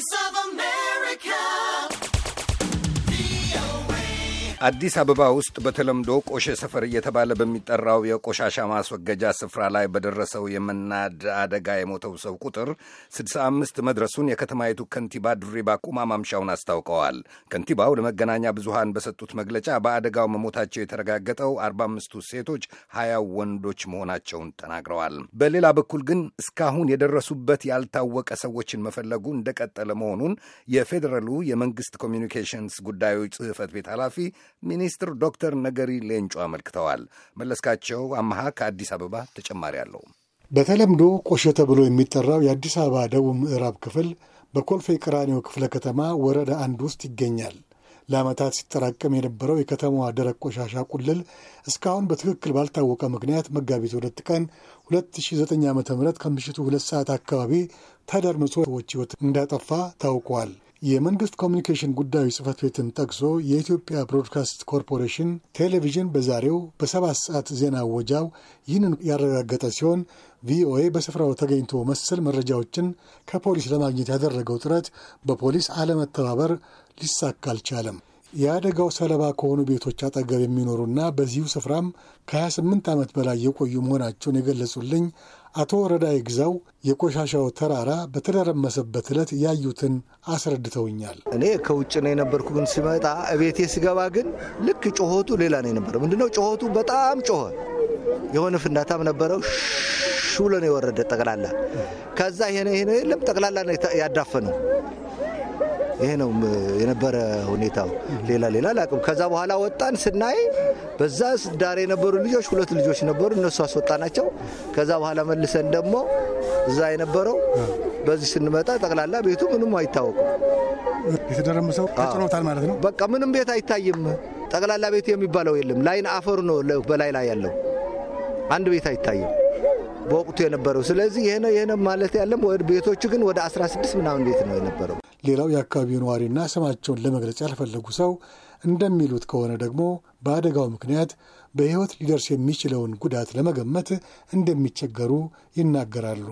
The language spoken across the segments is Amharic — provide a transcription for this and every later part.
Voice of America. አዲስ አበባ ውስጥ በተለምዶ ቆሼ ሰፈር እየተባለ በሚጠራው የቆሻሻ ማስወገጃ ስፍራ ላይ በደረሰው የመናድ አደጋ የሞተው ሰው ቁጥር 65 መድረሱን የከተማይቱ ከንቲባ ድሪባ ኩማ ማምሻውን አስታውቀዋል። ከንቲባው ለመገናኛ ብዙሃን በሰጡት መግለጫ በአደጋው መሞታቸው የተረጋገጠው 45ቱ ሴቶች፣ ሀያው ወንዶች መሆናቸውን ተናግረዋል። በሌላ በኩል ግን እስካሁን የደረሱበት ያልታወቀ ሰዎችን መፈለጉ እንደቀጠለ መሆኑን የፌዴራሉ የመንግስት ኮሚኒኬሽንስ ጉዳዮች ጽህፈት ቤት ኃላፊ ሚኒስትር ዶክተር ነገሪ ሌንጮ አመልክተዋል። መለስካቸው አመሃ ከአዲስ አበባ ተጨማሪ አለው። በተለምዶ ቆሼ ተብሎ የሚጠራው የአዲስ አበባ ደቡብ ምዕራብ ክፍል በኮልፌ ቀራኒዮ ክፍለ ከተማ ወረዳ አንድ ውስጥ ይገኛል። ለዓመታት ሲጠራቀም የነበረው የከተማዋ ደረቅ ቆሻሻ ቁልል እስካሁን በትክክል ባልታወቀ ምክንያት መጋቢት ሁለት ቀን 2009 ዓ ም ከምሽቱ ሁለት ሰዓት አካባቢ ተደርምሶ ሰዎች ሕይወት እንዳጠፋ ታውቋል። የመንግስት ኮሚኒኬሽን ጉዳዮች ጽህፈት ቤትን ጠቅሶ የኢትዮጵያ ብሮድካስት ኮርፖሬሽን ቴሌቪዥን በዛሬው በሰባት ሰዓት ዜና ወጃው ይህንን ያረጋገጠ ሲሆን ቪኦኤ በስፍራው ተገኝቶ መሰል መረጃዎችን ከፖሊስ ለማግኘት ያደረገው ጥረት በፖሊስ አለመተባበር ሊሳካ አልቻለም። የአደጋው ሰለባ ከሆኑ ቤቶች አጠገብ የሚኖሩና በዚሁ ስፍራም ከ28 ዓመት በላይ የቆዩ መሆናቸውን የገለጹልኝ አቶ ወረዳ ይግዛው የቆሻሻው ተራራ በተደረመሰበት ዕለት ያዩትን አስረድተውኛል። እኔ ከውጭ ነው የነበርኩ፣ ግን ሲመጣ እቤቴ ስገባ ግን ልክ ጮኸቱ ሌላ ነው የነበረው። ምንድነው ጮኸቱ? በጣም ጮኸ። የሆነ ፍንዳታም ነበረው ብሎ ነው የወረደ ጠቅላላ። ከዛ ይሄ ነው የለም ጠቅላላ ያዳፈነው ይሄ ነው የነበረ ሁኔታው። ሌላ ሌላ አላውቅም። ከዛ በኋላ ወጣን ስናይ በዛ ዳር የነበሩ ልጆች ሁለት ልጆች ነበሩ፣ እነሱ አስወጣናቸው። ከዛ በኋላ መልሰን ደግሞ እዛ የነበረው በዚህ ስንመጣ ጠቅላላ ቤቱ ምንም አይታወቅም። የተደረመሰው ተጭኖታል ማለት ነው። በቃ ምንም ቤት አይታይም። ጠቅላላ ቤት የሚባለው የለም። ላይን አፈሩ ነው በላይ ላይ ያለው አንድ ቤት አይታይም። በወቅቱ የነበረው። ስለዚህ ይህ ነው ይህ ነው ማለት ያለም ቤቶቹ ግን ወደ 16 ምናምን ቤት ነው የነበረው። ሌላው የአካባቢው ነዋሪና ስማቸውን ለመግለጽ ያልፈለጉ ሰው እንደሚሉት ከሆነ ደግሞ በአደጋው ምክንያት በሕይወት ሊደርስ የሚችለውን ጉዳት ለመገመት እንደሚቸገሩ ይናገራሉ።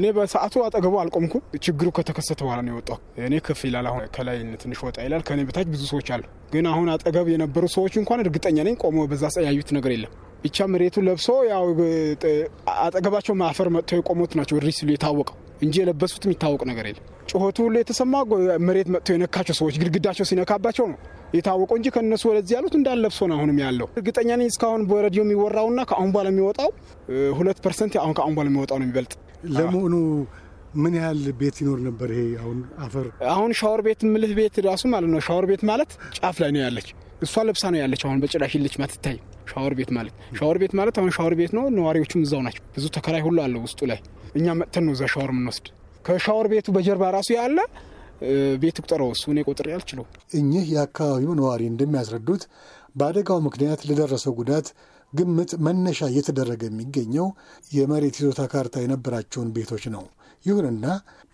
እኔ በሰዓቱ አጠገቡ አልቆምኩም። ችግሩ ከተከሰተ በኋላ ነው የወጣው። እኔ ከፍ ይላል። አሁን ከላይ ትንሽ ወጣ ይላል። ከእኔ በታች ብዙ ሰዎች አሉ። ግን አሁን አጠገብ የነበሩ ሰዎች እንኳን እርግጠኛ ነኝ ቆሞ በዛ ያዩት ነገር የለም። ብቻ መሬቱ ለብሶ ያው አጠገባቸው ማፈር መጥተው የቆሙት ናቸው እሪ ሲሉ የታወቀው እንጂ የለበሱት የሚታወቅ ነገር የለም። ጩኸቱ ሁሉ የተሰማ መሬት መጥተው የነካቸው ሰዎች ግድግዳቸው ሲነካባቸው ነው የታወቀው እንጂ ከእነሱ ወደዚህ ያሉት እንዳለብሶ ነው አሁንም ያለው። እርግጠኛ ነኝ እስካሁን በረዲዮ የሚወራውና ከአሁን በኋላ የሚወጣው ሁለት ፐርሰንት አሁን ከአሁን በኋላ የሚወጣው ነው የሚበልጥ። ለመሆኑ ምን ያህል ቤት ይኖር ነበር? ይሄ አሁን አፈር አሁን ሻወር ቤት ምልህ ቤት ራሱ ማለት ነው። ሻወር ቤት ማለት ጫፍ ላይ ነው ያለች እሷ ለብሳ ነው ያለች። አሁን በጭራሽ ልጅ ማትታይ ሻወር ቤት ማለት ሻወር ቤት ማለት አሁን ሻወር ቤት ነው። ነዋሪዎቹም እዛው ናቸው። ብዙ ተከራይ ሁሉ አለ ውስጡ ላይ። እኛ መጥተን ነው እዛ ሻወር የምንወስድ። ከሻወር ቤቱ በጀርባ ራሱ ያለ ቤት ቁጠረው እሱ እኔ ቁጥር ያልችለው። እኚህ የአካባቢው ነዋሪ እንደሚያስረዱት በአደጋው ምክንያት ለደረሰው ጉዳት ግምት መነሻ እየተደረገ የሚገኘው የመሬት ይዞታ ካርታ የነበራቸውን ቤቶች ነው። ይሁንና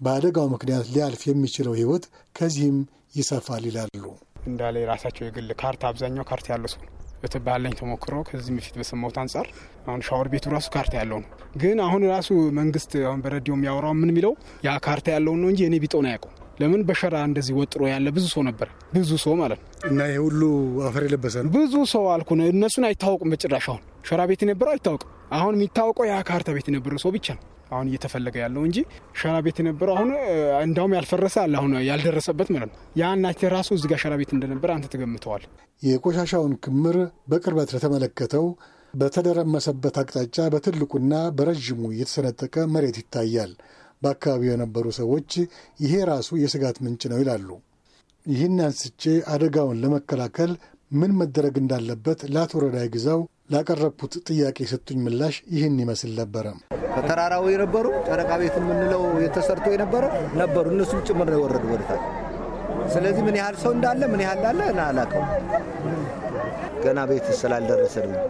በአደጋው ምክንያት ሊያልፍ የሚችለው ሕይወት ከዚህም ይሰፋል ይላሉ። እንዳለ የራሳቸው የግል ካርታ አብዛኛው ካርታ ያለው ሰው ነው በተባለኝ ተሞክሮ ከዚህ በፊት በሰማሁት አንጻር አሁን ሻወር ቤቱ ራሱ ካርታ ያለው ነው። ግን አሁን ራሱ መንግስት አሁን በረዲዮ የሚያወራው ምን የሚለው ያ ካርታ ያለውን ነው እንጂ እኔ ቢጦን አያውቀው። ለምን በሸራ እንደዚህ ወጥሮ ያለ ብዙ ሰው ነበር፣ ብዙ ሰው ማለት ነው። እና ይሄ ሁሉ አፈር የለበሰ ነው። ብዙ ሰው አልኩ እነሱን አይታወቁም በጭራሽ። አሁን ሸራ ቤት የነበረው አይታወቅም። አሁን የሚታወቀው ያ ካርታ ቤት የነበረው ሰው ብቻ ነው። አሁን እየተፈለገ ያለው እንጂ ሸራ ቤት የነበረው አሁን እንዳውም ያልፈረሰ አለ አሁን ያልደረሰበት ማለት ነው። ያ ናቸ ራሱ ጋር ሸራ ቤት እንደነበረ አንተ ትገምተዋል። የቆሻሻውን ክምር በቅርበት ለተመለከተው በተደረመሰበት አቅጣጫ በትልቁና በረዥሙ የተሰነጠቀ መሬት ይታያል። በአካባቢው የነበሩ ሰዎች ይሄ ራሱ የስጋት ምንጭ ነው ይላሉ። ይህን አንስቼ አደጋውን ለመከላከል ምን መደረግ እንዳለበት ለአቶ ረዳይ ግዛው ላቀረብኩት ጥያቄ የሰጡኝ ምላሽ ይህን ይመስል ነበረ። ተራራው የነበሩ ጨረቃ ቤት የምንለው የተሰርቶ የነበረ ነበሩ። እነሱም ጭምር ነው የወረዱ ወደታች። ስለዚህ ምን ያህል ሰው እንዳለ ምን ያህል እንዳለ አላውቅም፣ ገና ቤት ስላልደረሰ ነው።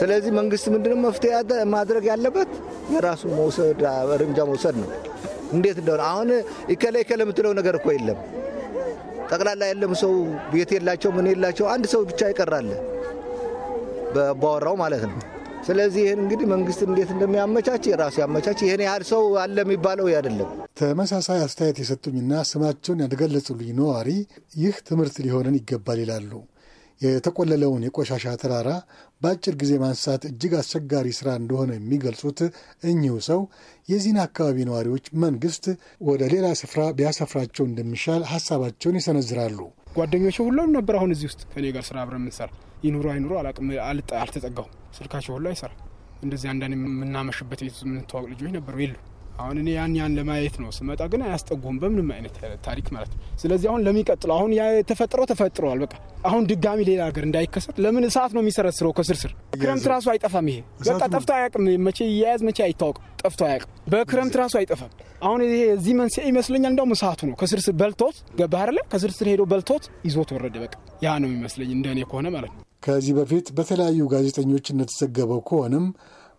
ስለዚህ መንግስት ምንድነው መፍትሄ ማድረግ ያለበት የራሱ መውሰድ እርምጃ መውሰድ ነው። እንዴት እንደሆነ አሁን ይከለ ይከለ የምትለው ነገር እኮ የለም። ጠቅላላ የለም። ሰው ቤት የላቸው ምን የላቸው አንድ ሰው ብቻ ይቀራለን በአባወራው ማለት ነው። ስለዚህ ይህን እንግዲህ መንግስት እንዴት እንደሚያመቻች ራሱ ያመቻች። ይህን ያህል ሰው አለ የሚባለው አይደለም። ተመሳሳይ አስተያየት የሰጡኝና ስማቸውን ያልገለጹልኝ ነዋሪ ይህ ትምህርት ሊሆንን ይገባል ይላሉ። የተቆለለውን የቆሻሻ ተራራ በአጭር ጊዜ ማንሳት እጅግ አስቸጋሪ ስራ እንደሆነ የሚገልጹት እኚሁ ሰው የዚህን አካባቢ ነዋሪዎች መንግስት ወደ ሌላ ስፍራ ቢያሰፍራቸው እንደሚሻል ሀሳባቸውን ይሰነዝራሉ። ጓደኞች ሁሉም ነበር። አሁን እዚህ ውስጥ ከኔ ጋር ስራ አብረን የምንሰራ ይኑሮ አይኑሮ አላቅም አልተጠጋሁም ስልካቸው ሁሉ አይሰራ እንደዚህ አንዳንድ የምናመሽበት ቤት የምንተዋወቅ ልጆች ነበሩ የሉ አሁን እኔ ያን ያን ለማየት ነው ስመጣ፣ ግን አያስጠጉም በምንም አይነት ታሪክ ማለት ነው። ስለዚህ አሁን ለሚቀጥለው አሁን ተፈጥሮ ተፈጥሯል፣ በቃ አሁን ድጋሚ ሌላ ሀገር እንዳይከሰት ለምን እሳት ነው የሚሰረስረው ከስርስር? ክረምት ራሱ አይጠፋም። ይሄ በቃ ጠፍቶ አያውቅም። መቼ እያያዝ መቼ አይታወቅም። ጠፍቶ አያውቅም። በክረምት ራሱ አይጠፋም። አሁን ይሄ እዚህ መንስኤ ይመስለኛል። እንደውም እሳቱ ነው ከስርስር በልቶት ገባህ፣ ከስርስር ሄዶ በልቶት ይዞት ወረደ። በቃ ያ ነው የሚመስለኝ እንደኔ ከሆነ ማለት ነው። ከዚህ በፊት በተለያዩ ጋዜጠኞች እንደተዘገበው ከሆነም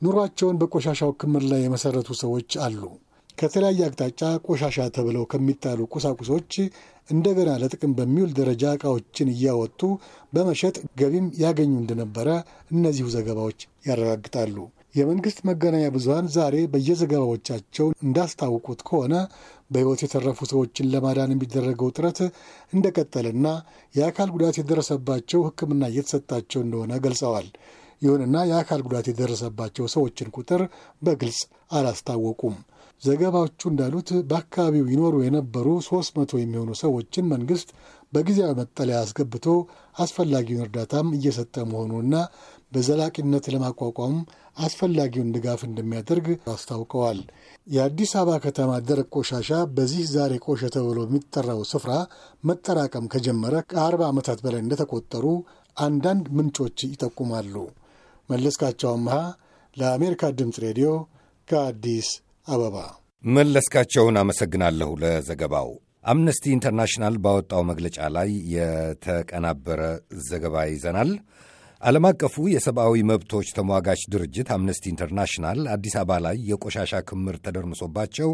ኑሯቸውን በቆሻሻው ክምር ላይ የመሰረቱ ሰዎች አሉ። ከተለያየ አቅጣጫ ቆሻሻ ተብለው ከሚጣሉ ቁሳቁሶች እንደገና ለጥቅም በሚውል ደረጃ እቃዎችን እያወጡ በመሸጥ ገቢም ያገኙ እንደነበረ እነዚሁ ዘገባዎች ያረጋግጣሉ። የመንግስት መገናኛ ብዙሃን ዛሬ በየዘገባዎቻቸው እንዳስታውቁት ከሆነ በሕይወት የተረፉ ሰዎችን ለማዳን የሚደረገው ጥረት እንደቀጠለና የአካል ጉዳት የደረሰባቸው ሕክምና እየተሰጣቸው እንደሆነ ገልጸዋል። ይሁንና የአካል ጉዳት የደረሰባቸው ሰዎችን ቁጥር በግልጽ አላስታወቁም። ዘገባዎቹ እንዳሉት በአካባቢው ይኖሩ የነበሩ ሶስት መቶ የሚሆኑ ሰዎችን መንግስት በጊዜያዊ መጠለያ አስገብቶ አስፈላጊውን እርዳታም እየሰጠ መሆኑና በዘላቂነት ለማቋቋም አስፈላጊውን ድጋፍ እንደሚያደርግ አስታውቀዋል። የአዲስ አበባ ከተማ ደረቅ ቆሻሻ በዚህ ዛሬ ቆሸ ተብሎ የሚጠራው ስፍራ መጠራቀም ከጀመረ ከአርባ ዓመታት በላይ እንደተቆጠሩ አንዳንድ ምንጮች ይጠቁማሉ። መለስካቸው አምሃ ለአሜሪካ ድምፅ ሬዲዮ ከአዲስ አበባ። መለስካቸውን አመሰግናለሁ ለዘገባው። አምነስቲ ኢንተርናሽናል ባወጣው መግለጫ ላይ የተቀናበረ ዘገባ ይዘናል። ዓለም አቀፉ የሰብአዊ መብቶች ተሟጋች ድርጅት አምነስቲ ኢንተርናሽናል አዲስ አበባ ላይ የቆሻሻ ክምር ተደርምሶባቸው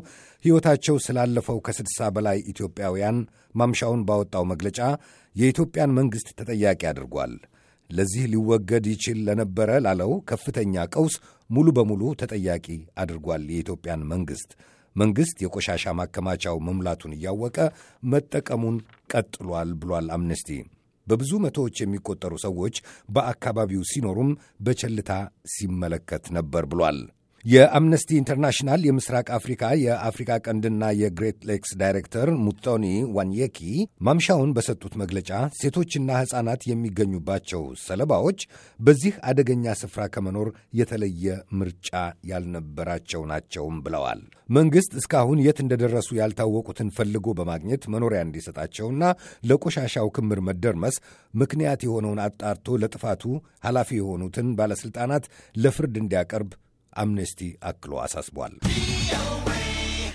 ሕይወታቸው ስላለፈው ከስድሳ በላይ ኢትዮጵያውያን ማምሻውን ባወጣው መግለጫ የኢትዮጵያን መንግሥት ተጠያቂ አድርጓል። ለዚህ ሊወገድ ይችል ለነበረ ላለው ከፍተኛ ቀውስ ሙሉ በሙሉ ተጠያቂ አድርጓል የኢትዮጵያን መንግሥት። መንግሥት የቆሻሻ ማከማቻው መሙላቱን እያወቀ መጠቀሙን ቀጥሏል ብሏል አምነስቲ። በብዙ መቶዎች የሚቆጠሩ ሰዎች በአካባቢው ሲኖሩም በቸልታ ሲመለከት ነበር ብሏል። የአምነስቲ ኢንተርናሽናል የምስራቅ አፍሪካ የአፍሪካ ቀንድና የግሬት ሌክስ ዳይሬክተር ሙቶኒ ዋንየኪ ማምሻውን በሰጡት መግለጫ ሴቶችና ሕፃናት የሚገኙባቸው ሰለባዎች በዚህ አደገኛ ስፍራ ከመኖር የተለየ ምርጫ ያልነበራቸው ናቸውም ብለዋል። መንግሥት እስካሁን የት እንደደረሱ ያልታወቁትን ፈልጎ በማግኘት መኖሪያ እንዲሰጣቸውና ለቆሻሻው ክምር መደርመስ ምክንያት የሆነውን አጣርቶ ለጥፋቱ ኃላፊ የሆኑትን ባለሥልጣናት ለፍርድ እንዲያቀርብ አምነስቲ አክሎ አሳስቧል።